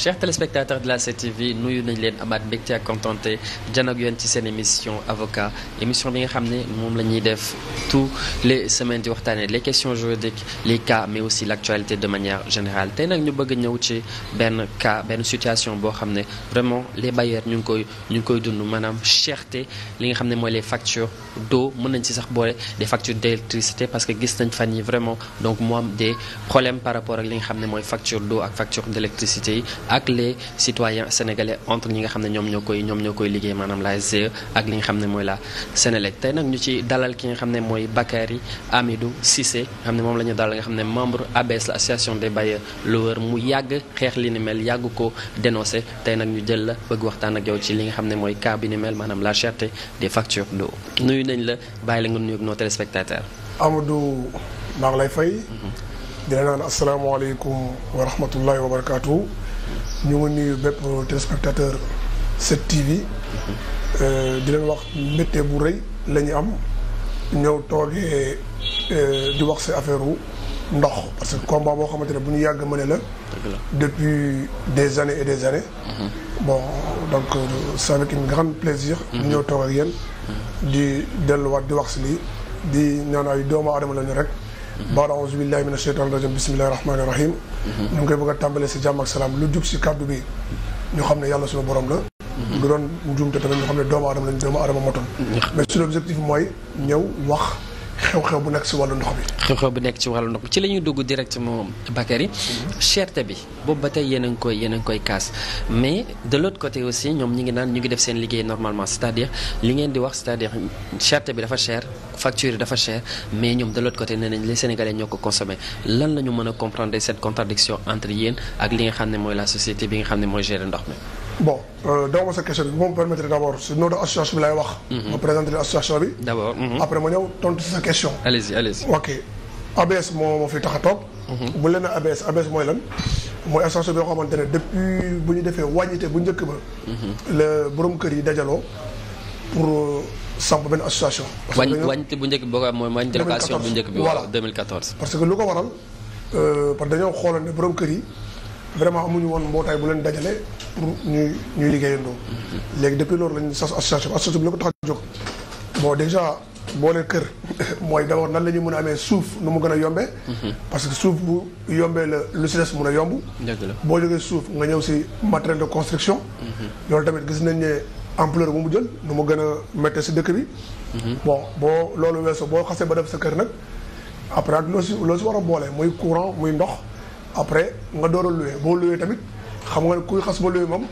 chers téléspectateurs de la 7TV nuyu nañ leen amaat mbégte ak contenté jan ak yéen ci seen émission avocat émission bi nga xam ne moom la ñuy def tous les semaines di waxtaanee les question juridiques les cas mais aussi l' actualité de manière générale tey nag ñu bëgg ñëw ci benn cas benn situation boo xam ne vraiment les bailleurs ñu ngi koy ñu ngi koy dund maanaam cherté li nga xam ne mooy les factures d'eau mën nañ ci sax boole des factures d'électricité parce que gis nañ fan yi vraiment donc mu am des problèmes rapport ak li nga xam ne mooy facture d'eau ak facture yi ak les citoyens sénégalais entre ñi nga xam ne ñoom ñoo koy liggéey maanaam la SDE ak li nga xam ne mooy la Sénélec tey nag ñu ci dalal ki nga xam ne mooy Bakary Amidou Cissé nga xam ne moom la ñu dalal nga xam ne membre ABS la association des bailleurs loueurs mu yàgg xeex li ni mel yàgg ko dénoncé tey nag ñu jël la bëgg waxtaan ak yow ci li nga xam ne mooy cas bi mel maanaam la cherté des factures d'eau nuyu nañ la bàyyi la nga nuyu ak nos téléspectateurs. Amadou mhm. la naan asalaamaaleykum wa rahmatullahi ñu ngi nuyu bépp téléspectateur 7TV euh, di leen wax métté bu rëy la ñu am ñëw toogee euh, di wax si affaire wu ndox parce que combat boo xamante ne bu ñu yàgg ma ne la depuis des années et des années mhm. bon donc c'est euh, avec un grand plaisir di mhm. ñëw toog ak yéen mhm. di delluwaat di wax si lii di ñaan ay doomu aadama la rek baada auzu billahi mina sheytaani rajim bismillahi rahmaani rahim mhm. ñu ngi koy bëgg a tàmbale si jàmm ak salaam lu jub si kàddu bi ñu xam ne yàlla suñu borom la du mhm. doon njuumte tamit ñu xam ne doomu aadama lañ doomu aadama motoon mhm. mais suñu objectif mooy ñëw wax xew-xew bu nekk ci wàllu ndox bi. bu nekk ci wàllu ndox bi ci la ñuy dugg directement Bakary mhm. cherté bi boobu ba tey yéen a ngi koy yéen a ngi koy kaas mais de l'autre côté aussi ñoom ñi ngi naan ñu ngi def seen liggéey normalement cest à li ngeen di wax cest à bi dafa cher facture yi dafa cher mais ñoom de l'autre côté nee nañ les Sénégalais ñoo ko consommé lan la ñu mën a comprendre cette contradiction entre yéen ak li nga xam ne mooy la société bi nga xam ne mooy gérer ndox mi. bon daw sa question bi bu ma permettre d'abord si nom de association bi laay wax. Mhm. ma présenter association bi. d'abord mhm. après ma ñëw tontu si sa question. allez-y ABS moo fi tax a toog. Mhm. bu leen a ABS ABS mooy lan mooy association bi nga xamante ne depuis bu ñu defee wàññite bu njëkk ba. la borom kër yi dajaloo pour euh, samp benn association. parce que wàññite bu njëkk bi boo ko am mooy wàññite location bu njëkk bi. voilà 2014. parce que lu ko waral euh, parce que dañoo xooloon ne borom kër yi vraiment amuñu woon mbootaay bu leen dajale. pour ñuy ñuy liggéeyandoo. léegi depuis loolu la ñuy sas association association bi la ko tax a boole kër mooy d'abord nan la ñuy mën a amee suuf nu mu gën a yombee. parce que suuf bu yombee la lu si des mun a yomb. dëgg la boo jógee suuf nga ñëw si matériel de construction. loolu tamit gis nañ ne ampleur bu mu jël nu mu gën a méttee si dëkk bi. bon boo loolu weesoo boo xasee ba def sa kër nag après loo si loo si war a boole muy courant muy ndox après nga door a loué boo loué tamit. xam nga ne kuy xas ba luy moom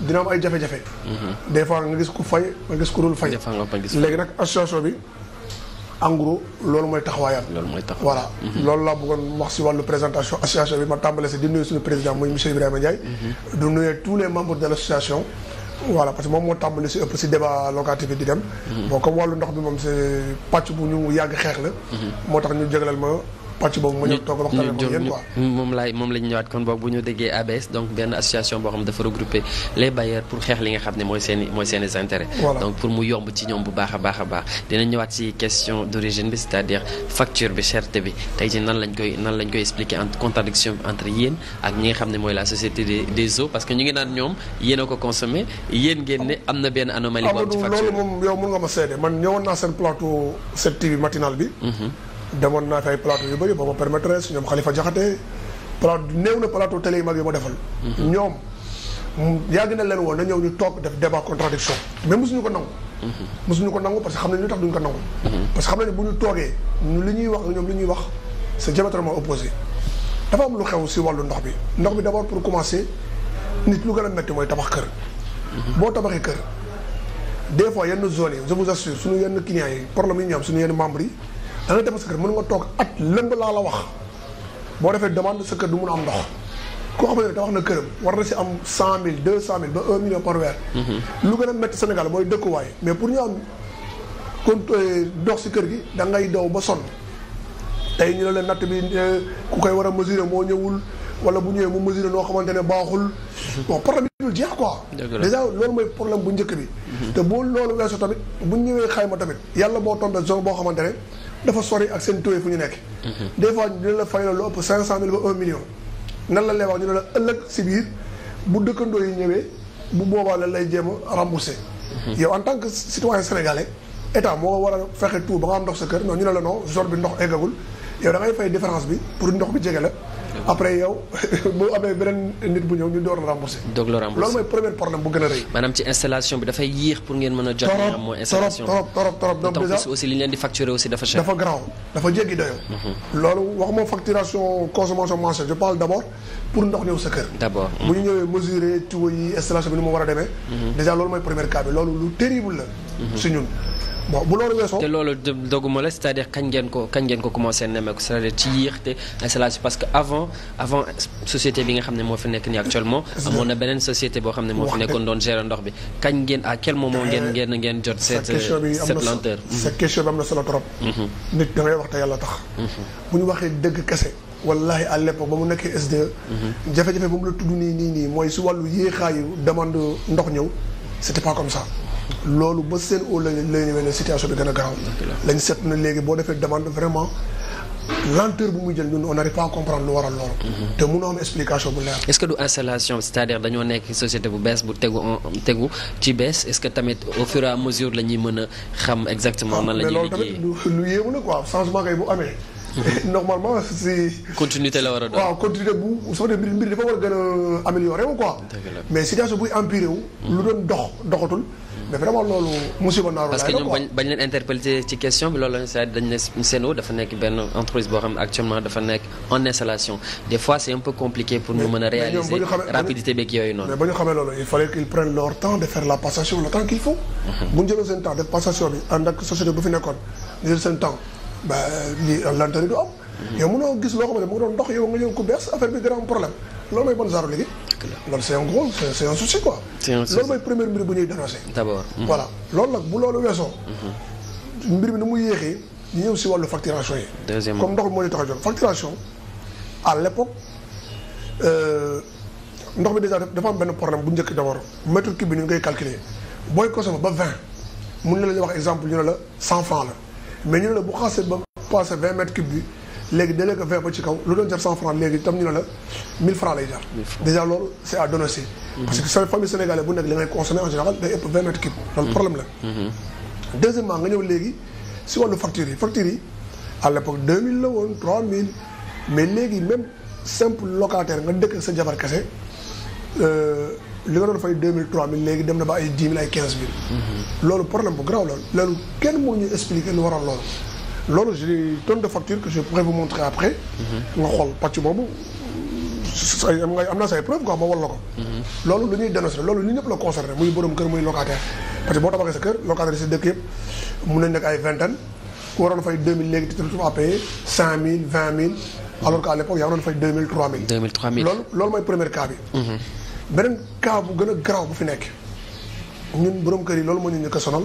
dina am ay jafe-jafe. des fois nga gis ku fay nga gis ku dul fay. léegi nag association bi en loolu mooy taxawaayam. loolu mooy taxawaayam voilà. Mhm. loolu laa bëggoon wax si wàllu présentation association bi ma tàmbale si di nuyu suñu président muy monsieur Ibrahima Ndiaye. Mhm. du nuyu tous les membres de l' association. voilà parce que moom moo tàmbali si ëpp si débat locatif bi di dem. Mhm. bon comme wàllu ndox bi moom c' est pàcc bu ñu yàgg xeex la. moo tax ñu jégalal ma. pàcc boobu ma moom laay moom lañ ñëwaat kon boog bu ñu déggee ABS donc benn association boo xam dafa regrouper les bailleurs pour xeex li nga xam ne mooy seen i mooy seen i intérêt donc pour mu yomb ci ñoom bu baax a baax a baax dina ñëwaat ci question d'origine bi c'est-à-dire facture bi cherté bi tey jii nan lañ koy nan lañ koy expliquer en contradiction entre yéen ak ñi nga xam ne mooy la société des des eaux parce que ñu ngi naan ñoom yéen a ko consommé yéen ngeen ne am na benn anomalie boobu ci facture loolu moom yow mun nga demoon naa fi ay plateau yu bëri boo ma permettre ñoom Khalifa Diakhaté plateau néew na plateau télé yu mag yu ma defal. Mhm. ñoom yàgg na leen woon na ñëw ñu toog def débat contradiction mais mosuñu ko nangu. Mhm. mosuñu ko nangu parce que xam nañ lu tax duñu ko nangu. Mhm. parce que xam nañ ne bu ñu toogee ñu li ñuy wax ak ñoom li ñuy wax c'est diamétralement opposé dafa am lu xew si wàllu ndox bi ndox bi d'abord pour commencer nit lu gën a métti mooy tabax kër. boo tabaxee kër des yenn zones suñu yenn clients yi yenn membres yi. dana defar sa kër mën nga toog at lënd laa la wax boo defee demande sa kër du mun a am ndox koo xam ne wax na këram war na si am cent mille deux cent mille ba un million par weer. Mhm. lu gën a métti Sénégal mooy dëkkuwaay mais pour ñu am kon euh, dox si kër gi da ngay daw ba son tey ñu ne la natt bi euh, ku koy war a mesurer moo ñëwul wala bu ñëwee mu mesurer noo xamante ne baaxul. Mhm. bon problème bi dul jeex quoi. déjà loolu mooy problème bu njëkk bi. Mhm. te boo loolu weesoo tamit bu ñëwee xayma tamit yàlla boo tombé zone boo xamante dafa sori ak seen taux fu ñu nekk. Mhm. des fois dina la fay la lu ëpp 500000 ba 1 million. nan la lay wax ñu ne la ëllëg si biir bu dëkkandoo yi ñëwee bu boobaa la lay jéem a remboursé. Mhm. yow en tant que citoyen sénégalais état moo war a fexe tout ba nga am ndox sa kër non ñu ne la non zone bi ndox eggagul yow da ngay fay différence bi pour ndox bi jege la. après yow boo amee beneen nit bu ñëw ñu door la remboursé. doog la remboursé loolu mooy premier problème bu gën a rëy. maanaam ci installation bi dafay yéex pour ngeen mën a. jot am mooy installation bi di facturer aussi dafa cher. dafa grand dafa mhm. loolu waxuma facturation consommation mensuelle je parle d' abord pour ndox ñëw sa kër. bu ñu ñëwee mesurer tuyaux yi installation bi ni mu war a demee. Mhm. déjà loolu mooy premier cas bi loolu lu terrible la. Mhm. si ñun bon bu loolu weesoo. te loolu doguma la c'est-à-dire kañ ngeen ko kañ ngeen ko commencé nemmeeku c'est-à-dire ci parce que avant avant société bi nga xam ne moo fi nekk nii actuellement. amoon na beneen société boo xam ne moo fi nekkoon doon gérer ndox bi kañ ngeen à quel moment ngeen euh, ngeen ngeen jot. cette cette lenteur sa mhm. question bi am na solo trop. Mhm. nit da wax te yàlla tax. bu ñu waxee dëgg kese. wallahi à l'époque ba mu nekkee SDE. jafe-jafe ba mu la tudd nii nii mooy si wàllu yéexaayu demande ndox ñëw c'était pas comme ça. loolu ba seen au la lay ñëwee situation bi gën a garaaw lañ seet na léegi boo defee demande vraiment lenteur bu muy jël ñun on n'arrive pas à comprendre lu waral loolu te mënoo am explication bu leer est-ce que du installation cest dañoo nekk société bu bees bu tegu tegu ci bees est-ce que tamit au fur et mesure la ñuy mën a xam exactement ah, nan la ñuy liggéey loolu tamit lu yéemu la quoi changement kay bu amee normalement si. continuité la war a doon waaw continuité bu soo def mbir mbir dafa war a gën amélioré wu quoi. mais situation buy empiré lu doon dox doxatul. mais vraiment loolu musiba naaru parce que ñoom bañ bañ ci question bi loolu la saa dañ ne Sen'Eau dafa nekk benn entreprise boo xam ne actuellement dafa nekk en installation des fois c' est un peu compliqué pour ñu mën a réaliser rapidité beeg yooyu noonu ba ñu xamee loolu il fallait qu'ils prennent ba lii lante du am. yow gis loo xam ne mu ngi doon ndox yow nga ñëw ku bees affaire bi gën a am problème loolu mooy bon genre liggéey. loolu c' est un gros c' loolu mooy première mbir bu ñuy dénoncé. d' abord. Mm-hmm. voilà loolu nag bu loolu weesoo. Mm-hmm. mbir bi ni muy yéexee ñu ñëw si wàllu facturation yi. deuxièmement comme ndox mi moo ñu tax a jóg facturation à l' époque euh, ndox mi dèjà dafa am benn problème bu njëkk d' abord mètre cube bi ni ñu koy calculer booy consommé ba vingt na la wax exemple ñu ne la cent franc la. mais ñu ne la bu xasee ba passé vingt mètres cubes bi léegi dalee ko vingt ba ci kaw lu doon jar cent franc léegi itam ñu ne la mille franc lay jar. déjà loolu c' est à dénoncer. Mhm. parce que sa famille sénégalaise bu nekk li ngay consommer en général day ëpp vingt mètres loolu mhm. problème la. Mhm. nga ñëw léegi si wàllu yi factures yi à l' époque deux mille la woon trois mille mais léegi même simple locataire nga dëkk sa jabar kese. Euh, li nga doon fay deux mille trois mille mhm. loolu problème bu garaaw la loolu kenn mënuñu expliquer lu waral loolu. loolu j'ai des tonnes de factures que je pourrais vous montrer après. Mhm. nga xool pàcc boobu say am nga am naa say preuve quoi ma wal la ko. Mhm. loolu lu ñuy dénoncer loolu li ñëpp muy borom kër muy locataire. parce que boo tabaxee sa kër locataire si dëkk yëpp mun nañ nekk ay vingtaine ku waroon fay deux mille trois mille. loolu loolu mooy premier cas bi. beneen cas bu gën a garaaw bu fi nekk ñun borom kër yi loolu moo ñu njëkk a sonal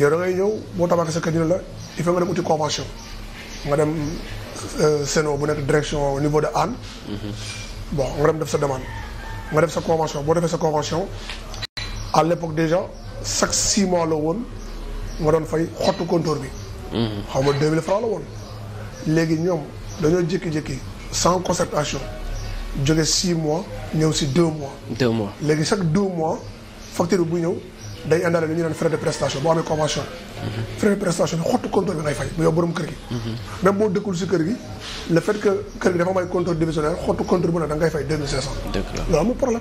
yow da ñëw boo tabaxee sa kër ñu la il faut nga dem uti convention nga dem euh, Sénat bu nekk direction au niveau de Anne. Mm-hmm. bon nga dem def sa demande nga def sa convention boo defee sa convention à l'époque déjà chaque six mois la woon nga doon fay xottu compteur bi. Mm-hmm. xaw ma deux mille francs la woon. léegi ñoom dañoo jékki-jékki sans concertation. jóge 6 mois ñëw si 2 mois. 2 mois léegi chaque 2 mois facture bi bu ñëw day indaale li ñuy naan frais de prestation boo amee convention. Mhm. frais de prestation bi xottu compteur bi ngay fay mu yow borom kër gi. Mhm. même boo dëkkul si kër gi le fait que kër gi dafa am ay compteur xottu compteur bu ne da fay 2500. dëgg problème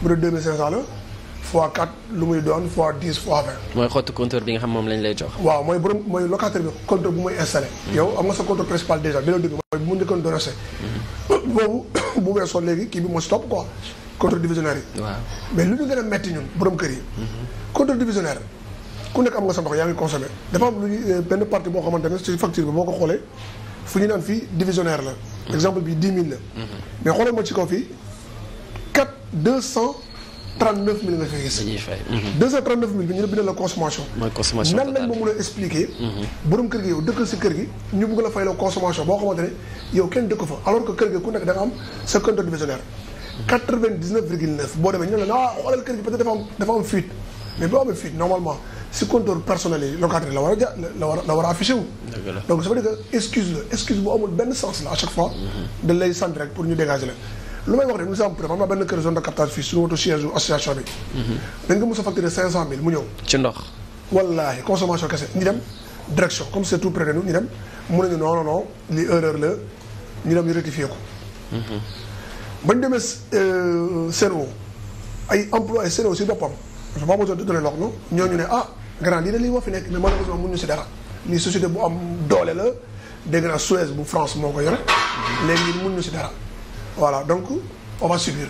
bu dee 2500 la. fois 4 lu muy doon fois 10 fois 20. mooy xottu compteur bi nga xam moom lañ lay jox. waaw mooy borom mooy locataire bi compteur bu muy installé. Hmm. yow am nga sa compteur principal déjà bi la dugg mooy bu mu njëkkoon doon resté. Hmm. boobu bu weesoo léegi kii bi moo si topp quoi compteur divisionnaire yi. waaw mais lu ñu gën a metti ñun borom kër yi. Hmm. ku nekk am nga sa ndox yaa ngi consommé dafa am lu ñuy euh, benn partie boo xamante ne ci facture bi boo ko xoolee fu ñu naan fii la. exemple bi 10 000 la. mais xoolee ma ci kaw fii 4 200. 239 000 nga mhm. bi ñu ne bindal la consommation. mooy consommation nan lañ ma expliquer. Mhm. borom kër gi yow dëkkal si kër gi ñu bëgg la fay la consommation boo xamante yow kenn dëkk fa alors que kër gi ku nekk da am sa compteur divisionnaire. Mhm. boo demee ñu ne la ah xoolal kër gi peut-être dafa am dafa mais boo amee fuite normalement si compteur personnel yi locataire la war a ja la war a la donc ça veut dire excuse la excuse bu amul benn sens la à chaque fois. lu may wax rek nous avons preuve am na benn kër zone de captage fii suñu woto siège association bi. Mhm. dañ ko mos a facturer 500000 mu ñëw. ci ndox. wallaahi consommation kese ñu dem direction comme c' est tout près de nous ñu dem mu ne non non non li erreur la ñu dem ñu rectifier ko. Mhm. ba ñu demee CNO euh, ay emploi ay si boppam dafa ba besoin de donner leur nom ne ah grand lii de lii moo fi nekk mais malheureusement mënuñu si dara lii société bu am doole la dégg naa Suez bu France moo ko yore mhm. léegi ñun mënuñu si dara. voilà donc on va subir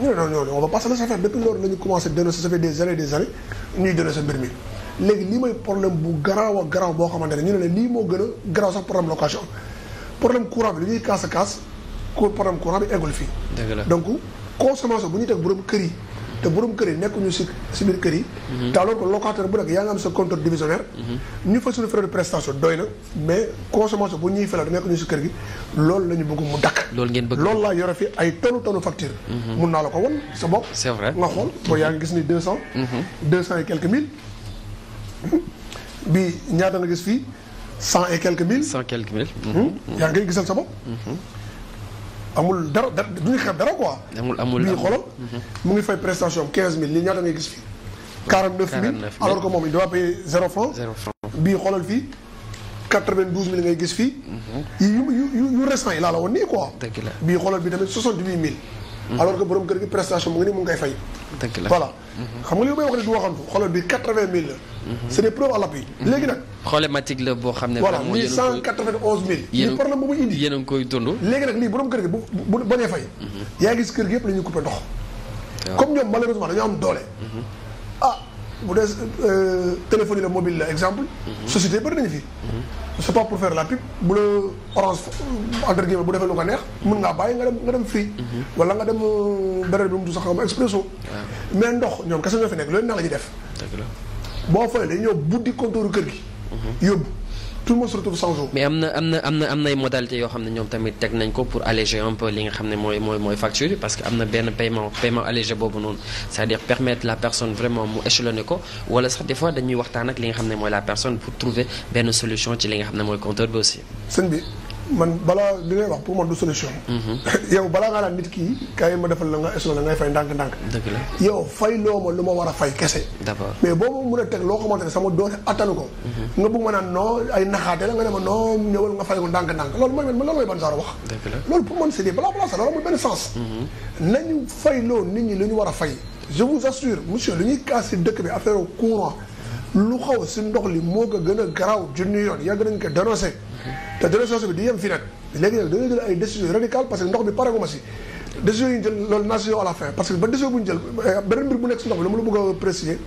ñu ne non non on va pas se laisser faire depuis loolu la ñu commencé dénoncer ça fait des années des années ñuy dénoncer mbir mi. léegi lii mooy problème bu garaaw a garaaw boo xamante ne ñu ne la lii moo gën a garaaw sax problème location problème courant bi li ñuy kaas a kaas problème courant bi eggul fii. donc consommation bu ñuy teg borom kër yi. te borom kër yi nekkuñu si si biir kër yi. Mhm. te alors que locataire bu nekk yaa ngi am sa compteur divisionnaire. Mhm. ñu fa suñu frais de prestation doy na mais consommation bu ñuy felal nekkuñu si kër gi loolu la ñu bëgg mu dakk. loolu ngeen bëgg loolu laa yore fi ay tonu tonu facture. Mhm. mun naa la ko won sa bopp. c'est vrai nga xool boo yaa ngi gis ni deux cent. deux cent et quelques mille. bi ñaata nga gis fi cent et mille. cent quelques mille. Hmm? yaa ngi gisal sa bopp. amul dara dara du ñu xeeb dara quoi. amul amul bii xoolal. Mhm. mu ngi fay prestation 15000 lii ñaata ngay gis fii. 49000 alors que moom il doit payer 0 franc. 0 franc bii xoolal fii 92000 ngay gis fii. Mhm. yu yu yu yu récent yi laa la woon nii quoi. dëgg la bii xoolal bi tamit 68000. Mm-hmm. alors que borom kër gi prestation mu ngi nii mu ngi koy fay. dëgg mm-hmm. xam nga li may wax nii du waxantu xoolal bi quatre-vingt mille la. Mm-hmm. c' est à l' appui. léegi nag. problématique la boo xam ne. voilà lii cent quatre-vingt-onze mille. yéen problème bu indi yéen ngi koy dund. léegi nag lii borom kër gi bu bu bañee fay. yaa gis kër gi yëpp la ñuy ndox. comme ñoom malheureusement dañoo am doole. bu dee euh, téléphonie la mobile la exemple. Mhm. société bëri nañu fi. Mhm. su pas pour faire la pub bu la orange entre guillemets bu defee lu ko neex mun ngaa bàyyi nga dem nga dem free. Mhm. wala nga dem euh, beneen bi mu tudd sax xam expresso. mais ndox ñoom kese ñoo fi nekk loolu neex la def. dëgg la boo fay dañuy ñëw buddi compteur kër gi. yóbbu. tout le monde se retrouve sans eau. mais am na am na am na am nay modalités yoo xam ne ñoom tamit teg nañ ko pour alléger un peu li nga xam ne mooy mooy mooy parce que am na benn paiement paiement allégé boobu noonu c'est-à-dire permettre la personne vraiment mu échelonné ko wala sax des dañuy waxtaan ak li nga xam ne mooy la personne pour trouver benn solution ci li nga xam ne mooy compteur bi aussi. man balaa li ngay wax pour man du solution. Mhm. yow balaa nga naan nit kii kaay ma defal la nga échelon la ngay fay ndànk-ndànk. dëgg yow fay loo ma lu ma war a fay kese. d'abord mais boobu mën a teg loo xamante ne sama doole attanu ko. Mhm. nga bëgg ma naan non ay naxaate la nga ne ma non ñëwal nga fay ko ndànk-ndànk loolu mooy man loolu mooy ban genre wax. dëgg la loolu pour man c'est des balaa balaa sax loolu amul benn sens. Mhm. nañu fay loo nit ñi lu ñu war a fay. je vous assure monsieur lu ñuy casse si dëkk bi affaire courant lu xaw si ndox li moo ko gën a garaaw junni yoon yàgg nañ ko dénoncé te délocalisation bi di yem fii nag léegi nag jël ay décisions radicales parce que ndox bi pareegu ma si décisions yi jël loolu naa si à la fin parce que ba décision bu ñu jël beneen mbir bu nekk si ndox bi dama la bëgg a préciser.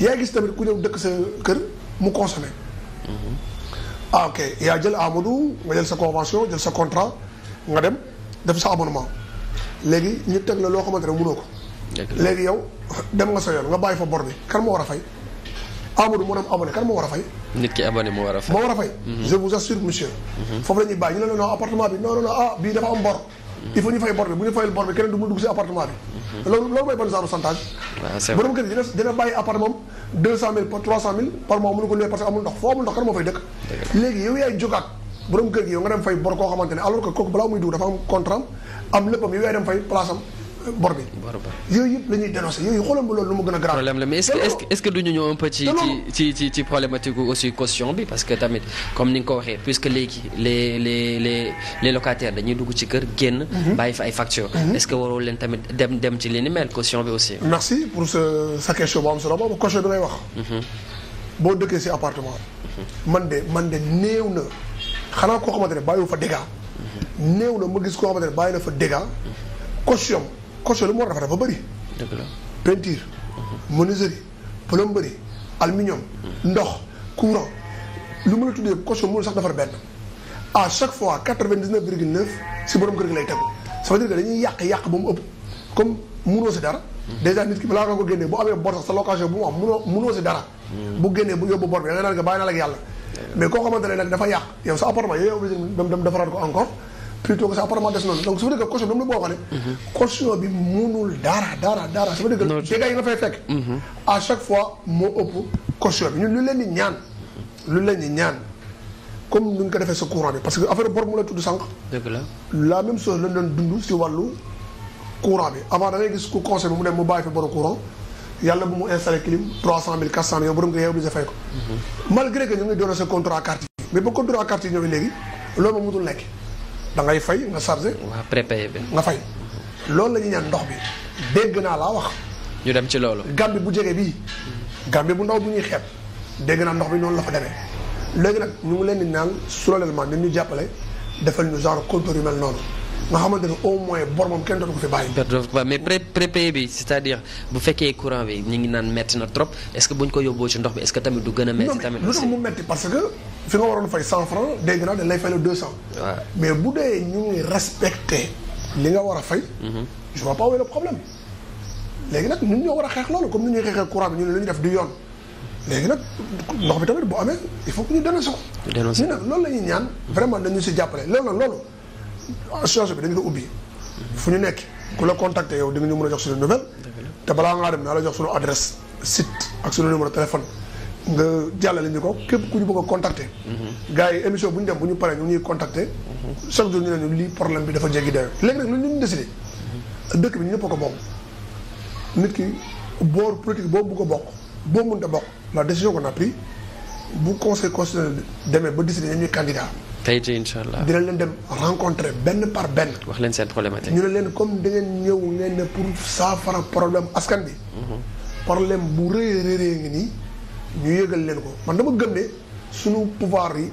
yaa gis tamit ku ñëw dëkk sa kër mu consommé. Mhm. ah ok yaa jël Amadou nga jël sa convention jël sa contrat nga dem def sa abonnement léegi ñu teg la loo xamante ne mënoo ko. léegi yow dem nga sa yoon nga bàyyi fa bor bi kan moo war a fay. Amadou moo doon abonné kan moo war a fay. nit ki abonné moo war a fay moo war a fay. moo fay dëkk. fay bor koo xamante ne alors que kooku balaa muy dugg dafa am contrat am léppam yow yaay dem fay place bor bi. bor bi yooyu yëpp la ñuy yooyu xoolal ma loolu lu mu gën a grave. problème la man de néew na xanaa koo xamante ne bàyyiwul fa dégâts. Mhm. néew na ma gis koo xamante ne bàyyi na fa dégâts mhm. caution. coche lu mu war a defar dafa bëri. dëgg la peinture. menuiserie plomberie aluminium. ndox courant lu mën la tuddee coche mënul sax defar benn à chaque fois quatre-vingt-dix-neuf virgule neuf si borom kër gi lay tegu ça veut dire que dañuy yàq yàq ba mu ëpp comme munoo si dara. dèjà nit ki balaa ko génnee bu amee bor sax sa location bu mu am munoo munoo si dara. Hmm. bu génnee bu yóbbu bor bi da nga naan nga bàyyi naa la yàlla. Hmm. mais koo xamante ne nag dafa yàq yow sa appartement dem dem ko encore. plutôt que ça apparemment des noonu donc ça veut dire que caution bi la boo mhm. fois moo ëpp caution bi ñun di ñaan. lu leen di ñu ko defee sa courant parce que affaire bor mu la tudd sànq. dëgg doon dund si wàllu courant bi avant da ngay gis ku conseil bi mu dem mu bàyyi fi boru courant. yàlla bu mu ko. Mhm. ñu ngi doon sa contrat carte yi. mais ba contrat carte yi léegi loolu moom mutul nekk. da ngay fay nga chargé. waaw prépayé bi nga fay. loolu la ñuy ñaan ndox bi dégg naa laa wax. ñu dem ci loolu. Gambie bu jege bi Gambie bu ndaw bu ñuy xeeb. dégg naa ndox bi noonu la fa demee. léegi nag ñu ngi leen di naan suralellement ni ñu jàppale defal ñu genre compteur yu mel noonu. nga xamante ne au moins bor moom kenn dootu ko fi bàyyi. mais pré prépayé bi c'est-à-dire bu fekkee courant bi ñu ngi naan metti na trop est-ce que bu ñu ko yóbboo ci ndox bi est-ce du gën a metti tamit lu tax nga mais bu dee ñu ngi nga war a fay. Mhm. je vois pas où est le problème. léegi nag ñun ñoo war a xeex loolu comme ni ñuy xeexee courant bi ñu ne lu ñu def du yoon léegi nag ndox bi tamit bu amee il faut que ñu dénoncé ko. ñu nag loolu la ñaan vraiment nañu si jàppale loolu nag loolu association bi dañu ko ubbi fu ñu nekk ku la contacter yow di nga ñu mun a jox suñu nouvelle te balaa ngaa dem naa la jox suñu adresse site ak suñu numéro téléphone nga jàllale ñu ko képp ku ñu bëgg a contacter. gars yi émission bu ñu dem bu ñu paree ñu ñuy contacter. chaque jour ñu ne ñu lii problème bi dafa jéggi dayoo léegi nag lu ñu décidé dëkk bi ñëpp ko bokk nit ki boor politique boo bëgg a bokk boo mënta bokk la décision ko a bu conséquence constitutionnel demee ba décidé ñoom ñuy tey jii incha allah dina leen dem rencontrer benn par benn. wax leen seen problématique. ñu ne leen comme da ngeen ñëw ngeen ne pour saafara problème askan bi. Mhm. problème bu rëy a rëy ngi nii ñu yëgal leen ko man dama gëm ne suñu pouvoir yi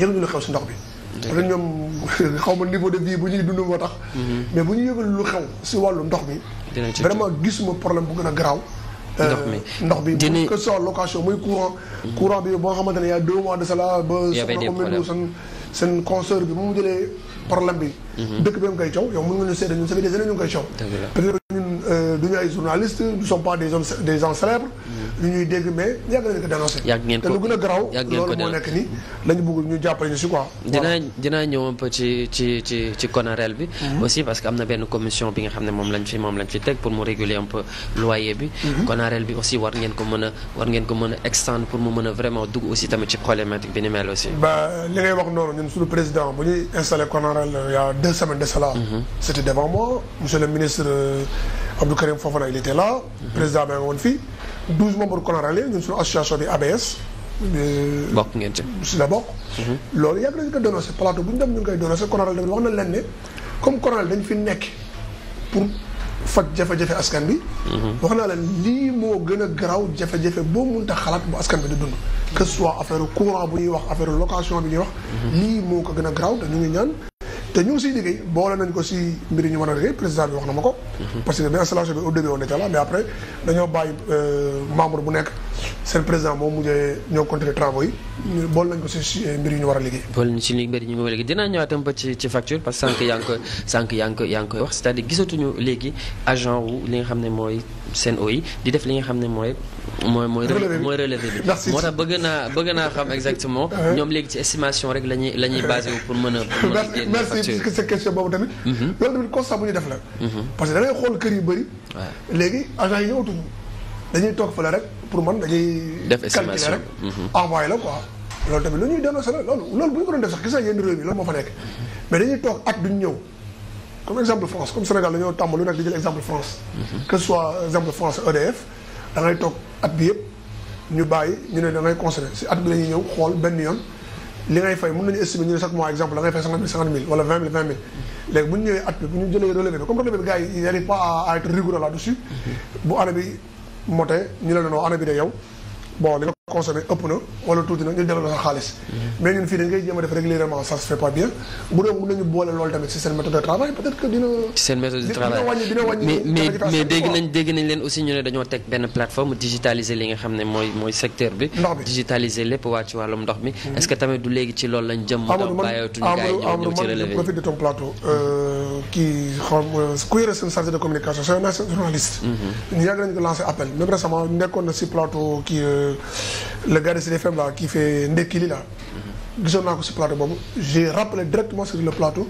yëngu ñu xew si ndox bi. parce que ñoom xaw ma niveau de vie bu ñuy dund moo tax. Mhm. mais bu ñu yëgal lu xew si wàllu ndox mi. vraiment gisuma problème bu gën a garaaw. ndox mi euh, ndox bi que ce location muy courant. Mm-hmm. courant bi boo xamante ne y' a deux mois de cela ba. y' seen seen consoeur bi moom mu bi. Mm-hmm. dëkk bi mu koy coow yow mën nga ñu seede ñun ça fait des années ñu ngi koy coow. peut être ñun euh, du ñu ay pas des hommes des yu ñuy dégg mais yàgg nañu ko dénoncé. yàgg ngeen ko te lu gën a garaaw loolu moo nekk nii lañu bëgg ñu jàppale ñu si quoi. dinaa dinaa ñëw un peu ci ci bi. Mhm. aussi parce que am na benn commission bi nga xam ne moom lañ fi moom lañ fi teg pour mu réguler un peu loyer bi. Mhm. CONAREL bi aussi war ngeen ko mën a war ngeen ko mën a extendre pour mu mën a vraiment dugg aussi tamit ci problématique bi ni mel aussi. li ngay wax noonu ñun suñu président bu ñuy installé CONAREL euh, mhm. euh, woon fii. douze membres coloralais ñun suñu association bi ABS. bokk ngeen si la bokk. Mhm. loolu yàgg nañu ko dénoncé plateau bu ñu dem ñu ngi koy dénoncé colorel tamit wax na leen ne comme colorel dañ fi nekk pour faj jafe-jafe askan bi. Mhm. wax naa leen lii moo gën a garaaw jafe-jafe boo tax xalaat bu askan bi di dund. que ce soit affaire courant bu ñuy wax affaire location bi ñuy wax. Mhm. lii moo ko gën a garaaw te ñu ngi ñaan. te ñu ngi liggéey boole nañ ko si mbir yi ñu war a liggéey président bi wax na ma ko. Mhm. parce que bi installation bi au début on était là mais après dañoo bàyyi euh, membre bu nekk seen président moom mujjee ñoo continuer travaux yi boole nañ ko si mbir yi ñu war a liggéey. boole nañ si mbir yi ñu war a liggéey dinaa ñëwaat a ba ci ci facture parce que sànq yaa ngi ko sànq yaa ngi yaa ngi koy wax c'est-à-dire gisatuñu léegi agent wu li nga xam ne mooy. seen SEN'EAU di def li nga xam ne mooy mooy mooy mooy relevé bi moo tax bëgg naa bëgg naa xam exactement ah ñoom léegi ci estimation rek la ñuy la ñuy pour mën a pour mën a merci sa question boobu tamit mhm. loolu tamit constat bu ñu def la mhm. parce que da ngay xool kër yu bëri waaw léegi agent yi ñëwatuñu dañuy toog fële rek pour man dañuy def estimation rek mhm. envoyé la quoi loolu tamit lu ñuy dénoncé la loolu loolu bu ñu ko doon def sax gis naa yenn réew yi loolu moo fa nekk mais dañuy toog at duñ ñëw comme exemple France comme Sénégal dañoo tàmm lu nekk di jël exemple France. que soit euh, exemple France EDF da toog at bi yëpp ñu bàyyi ñu ne da ngay si at bi la ñëw xool benn yoon li ngay fay mën nañu estimer ñu ne exemple da fay cinquante mille cinquante mille wala vingt mille vingt mille. léegi bu ñu ñëwee at bi bu ñu jëlee relevé bi comme relevé bi gars yi n'arrive pas à être rigoureux là-dessus. Mhm. bu année bi ñu la non année de yow. bon li nga consommé ëpp na wala tuuti na ñu delloo la sa xaalis. mais ñun fii dañ koy jéem def régulièrement ça se fait pas bien bu doon nañu boole loolu tamit ci seen méthode de travail peut-être que dina. ci seen méthode de travail mais mais dégg nañ dégg nañ leen aussi ñu ne dañoo teg benn plateforme digitaliser li nga xam ne mooy mooy secteur bi. ndox bi digitaliser lépp waa ci wàllum ndox mi. est-ce que tamit du léegi ci lool lañ jëm. amul man amul kii xaw euh, kuy yore seen chargé de communication c'est un journaliste. ñu mm-hmm. yàgg nañu ko lancé appel même récemment nekkoon na si plateau kii euh, le gars de Sud FM là qui fait Ndekili là. Mm-hmm. gisoon naa ko si plateau boobu j'ai rappelé directement sur le plateau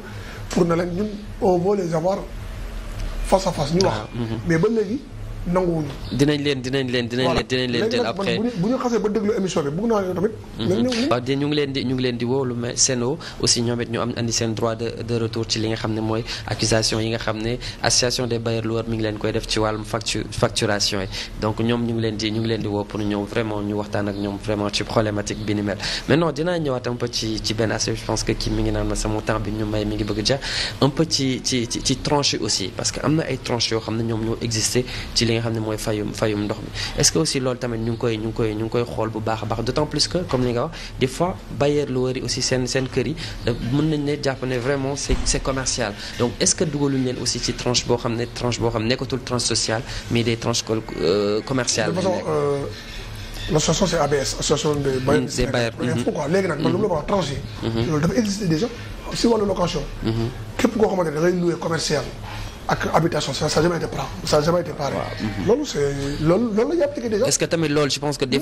pour na leen ñun on veut les avoir face à face ñu wax. Ah, mm-hmm. mais ba léegi. nanguwuñu. dinañ leen dinañ leen dinañ leen dinañ leen leen après bu ñu xasee ba déglu émission bi bëgg naa mhm. leen tamit. ñu ngi leen di woo ngi leen di woolu aussi ñoom it ñu am andi seen droit de retour ci li nga xam ne mooy accusation yi nga xam ne association des bailleurs loueurs mi ngi leen koy def ci wàllum factu facturation yi donc ñoom ñu ngi leen di ñu ngi leen di woo pour ñëw vraiment ñu waxtaan ak ñoom vraiment ci problématique bi ni mel maintenant dinaa ñëwaat un peu ci ci benn aspect je pense am ñoom ñoo nga xam ne mooy fayum fayum ndox mi est-ce que aussi loolu tamit ñu ngi koy ñu ngi koy xool bu baax baax d'autant plus que comme li nga wax des fois lu wari aussi seen seen kër euh, nañ ne jàpp vraiment c'est commercial donc est-ce que dugaluñ leen aussi ci tranche boo xam ne tranche boo xam nekkatul tranche sociale mais des tranches euh, commerciales euh, l'association c'est ABS association de mm, bailleurs mm-hmm. quoi léegi nag man lu ma la ko wax tranché location mm-hmm. képp koo xamante ak habitation ça ça n'a jamais été pare ça n'a été pare mhm. loolu c'est loolu loolu la ñu appliqué déjà. est-ce tamit loolu je pense que des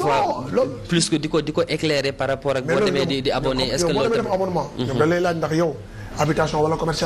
plus que di ko di ko éclairer par rapport ak. boo demee di di abonné est-ce que loolu tamit mais mhm. loolu laaj ndax yow habitation wala commercial.